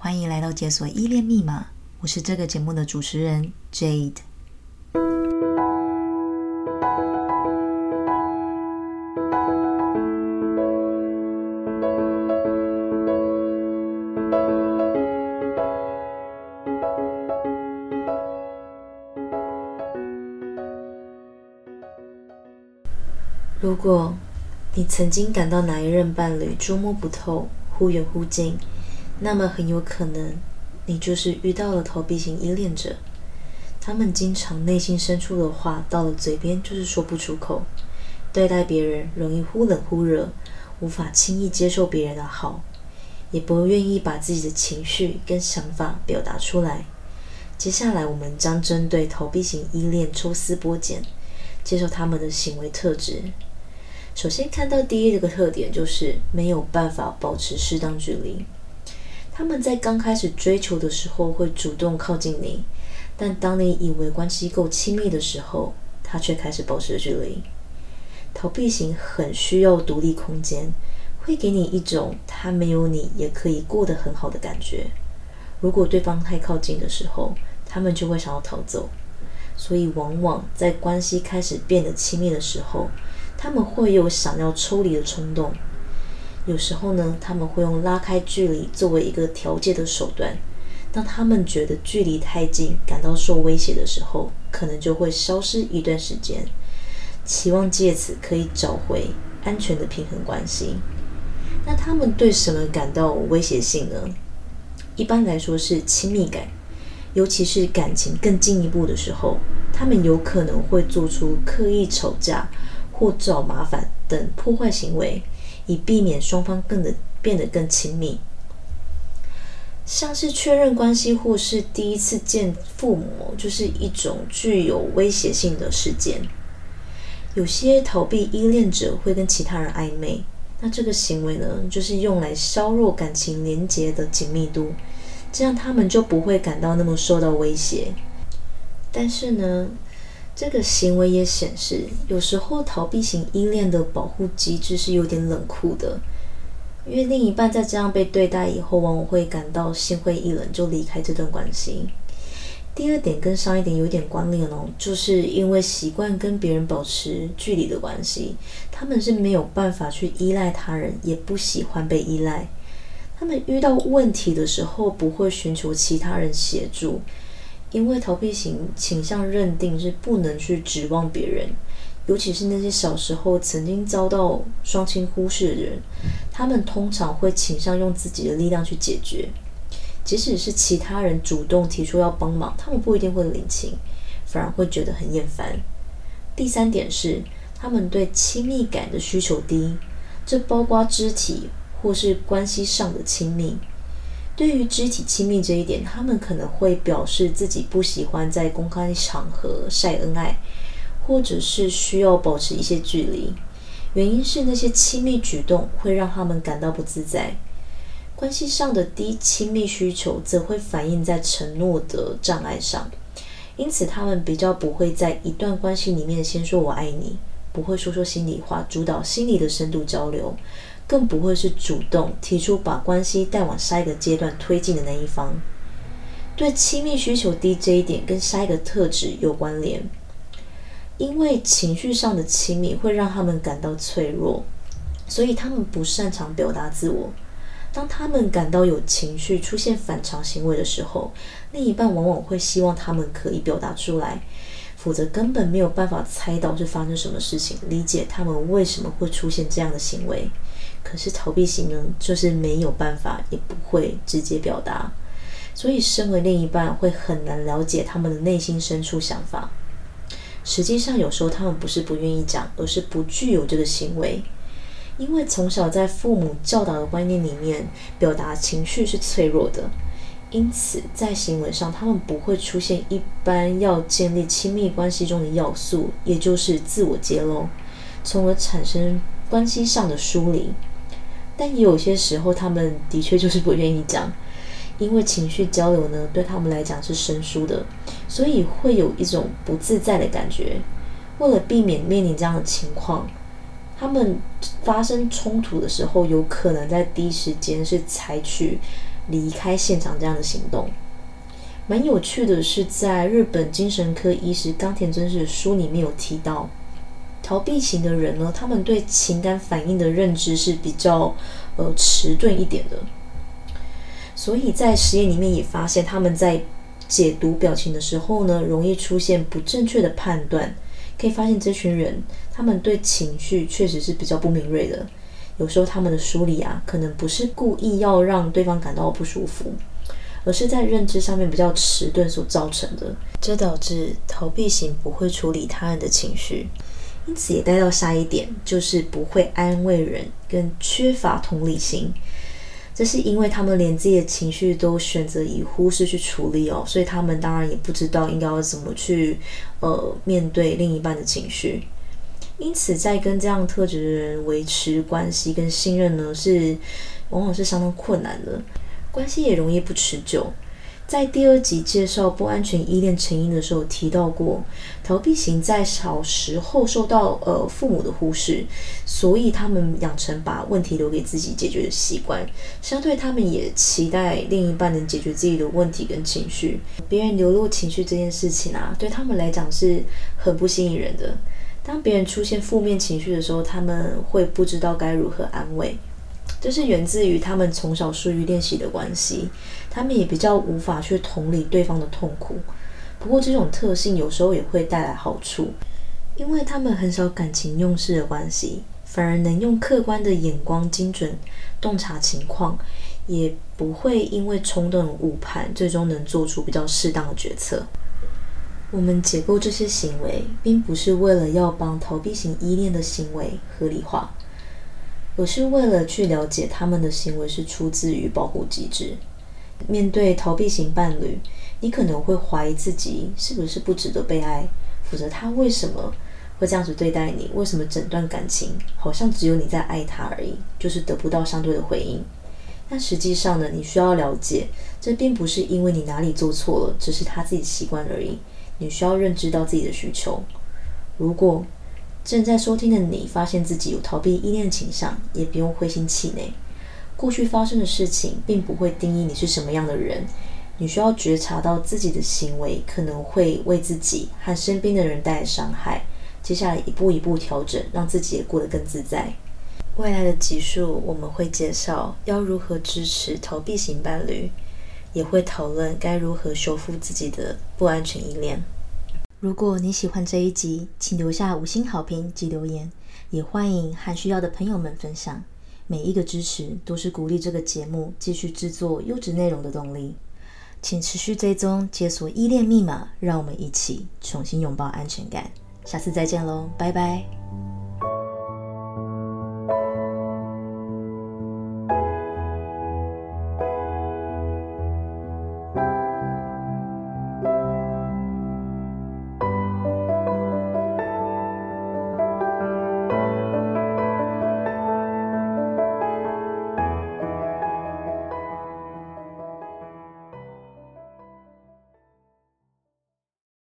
歡迎來到《解鎖依戀密碼》，我是這個節目的主持人 Jade。如果你曾經感到哪一任伴侶捉摸不透，忽遠忽近，那麼很有可能，你就是遇到了逃避型依戀者。他們經常內心深處的話到了嘴邊就是說不出口，對待別人容易忽冷忽熱，無法輕易接受別人的好，也不願意把自己的情緒跟想法表達出來。接下來我們將針對逃避型依戀抽絲剝繭，接受他們的行為特質。首先看到第一個特點就是沒有辦法保持適當距離。他們在剛開始追求的時候會主動靠近你，但當你以為關係夠親密的時候，他卻開始保持距離。逃避型很需要獨立空間，會給你一種他沒有你也可以過得很好的感覺。如果對方太靠近的時候，他們就會想要逃走，所以往往在關係開始變得親密的時候，他們會有想要抽離的衝動。有時候呢，他們會用拉開距離作為一個調節的手段。當他們覺得距離太近，感到受威脅的時候，可能就會消失一段時間，期望借此可以找回安全的平衡關係。那他們對什麼感到威脅性呢？一般來說是親密感，尤其是感情更進一步的時候，他們有可能會做出刻意吵架或找麻煩等破壞行為。以避免雙方更的變得更親密，像是確認關係或是第一次見父母，就是一種具有威脅性的事件。有些逃避依戀者會跟其他人曖昧，那這個行為呢，就是用來削弱感情連接的緊密度，這樣他們就不會感到那麼受到威脅。但是呢，這個行為也顯示，有時候逃避型依戀的保護機制是有點冷酷的，因為另一半在這樣被對待以後，往往會感到心灰意冷，就離開這段關係。第二點跟上一點有點關聯哦，就是因為習慣跟別人保持距離的關係，他們是沒有辦法去依賴他人，也不喜歡被依賴。他們遇到問題的時候，不會尋求其他人協助。因為逃避型傾向認定是不能去指望別人，尤其是那些小時候曾經遭到雙親忽視的人，他們通常會傾向用自己的力量去解決，即使是其他人主動提出要幫忙，他們不一定會領情，反而會覺得很厭煩。第三點是，他們對親密感的需求低，這包括肢體或是關係上的親密。對於肢體親密這一點，他們可能會表示自己不喜歡在公開場合曬恩愛，或者是需要保持一些距離。原因是那些親密舉動會讓他們感到不自在。關係上的低親密需求，則會反映在承諾的障礙上。因此，他們比較不會在一段關係裡面先說我愛你，不會說說心裡話，主導心理的深度交流。更不會是主動提出把關係帶往下一個階段推進的那一方。對親密需求低這一點，跟下一個特質有關聯，因為情緒上的親密會讓他們感到脆弱，所以他們不擅長表達自我。當他們感到有情緒出現反常行為的時候，另一半往往會希望他們可以表達出來，否則根本沒有辦法猜到是發生什麼事情，理解他們為什麼會出現這樣的行為。可是逃避型呢，就是沒有辦法，也不會直接表達，所以身為另一半會很難了解他們的內心深處想法。實際上，有時候他們不是不願意講，而是不具有這個行為，因為從小在父母教導的觀念裡面，表達情緒是脆弱的，因此在行為上，他們不會出現一般要建立親密關係中的要素，也就是自我揭露，從而產生關係上的疏離。但也有些時候，他們的確就是不願意講，因為情緒交流呢，對他們來講是生疏的，所以會有一種不自在的感覺。為了避免面臨這樣的情況，他們發生衝突的時候，有可能在第一時間是採取離開現場這樣的行動。蠻有趣的是，在日本精神科醫師岡田尊司的書裡面有提到。逃避型的人呢，他們對情感反應的認知是比較呃遲鈍一點的，所以在實驗裡面也發現他們在解讀表情的時候呢，容易出現不正確的判斷。可以發現這群人，他們對情緒確實是比較不敏銳的，有時候他們的疏離啊，可能不是故意要讓對方感到不舒服，而是在認知上面比較遲鈍所造成的。這導致逃避型不會處理他人的情緒。因此也帶到下一點，就是不會安慰人跟缺乏同理心，這是因為他們連自己的情緒都選擇以忽視去處理哦，所以他們當然也不知道應該要怎麼去呃面對另一半的情緒。因此，在跟這樣特質的人維持關係跟信任呢，是往往是相當困難的，關係也容易不持久。在第二集介紹不安全依戀成因的時候提到過，逃避型在小時候受到呃父母的忽視，所以他們養成把問題留給自己解決的習慣，相對他們也期待另一半能解決自己的問題跟情緒。別人流露情緒這件事情啊，對他們來講是很不吸引人的。當別人出現負面情緒的時候，他們會不知道該如何安慰。這是源自於他們從小疏於練習的關係，他們也比較無法去同理對方的痛苦。不過，這種特性有時候也會帶來好處，因為他們很少感情用事的關係，反而能用客觀的眼光精準洞察情況，也不會因為衝動的誤判，最終能做出比較適當的決策。我們解構這些行為，並不是為了要幫逃避型依戀的行為合理化。而是為了去了解他們的行為是出自於保護機制。面對逃避型伴侶，你可能會懷疑自己是不是不值得被愛，否則他為什麼會這樣子對待你？為什麼整段感情好像只有你在愛他而已，就是得不到相對的回應？但實際上呢，你需要了解，這並不是因為你哪裡做錯了，只是他自己習慣而已。你需要認知到自己的需求。如果正在收聽的你，發現自己有逃避依戀傾向，也不用灰心氣餒。過去發生的事情並不會定義你是什麼樣的人。你需要覺察到自己的行為可能會為自己和身邊的人帶來傷害。接下來一步一步調整，讓自己也過得更自在。未來的集數我們會介紹要如何支持逃避型伴侶，也會討論該如何修復自己的不安全依戀。如果你喜歡這一集，請留下五星好評及留言，也歡迎和需要的朋友們分享。每一個支持都是鼓勵這個節目繼續製作優質內容的動力。請持續追蹤，解鎖依戀密碼，讓我們一起重新擁抱安全感。下次再見嘍，拜拜。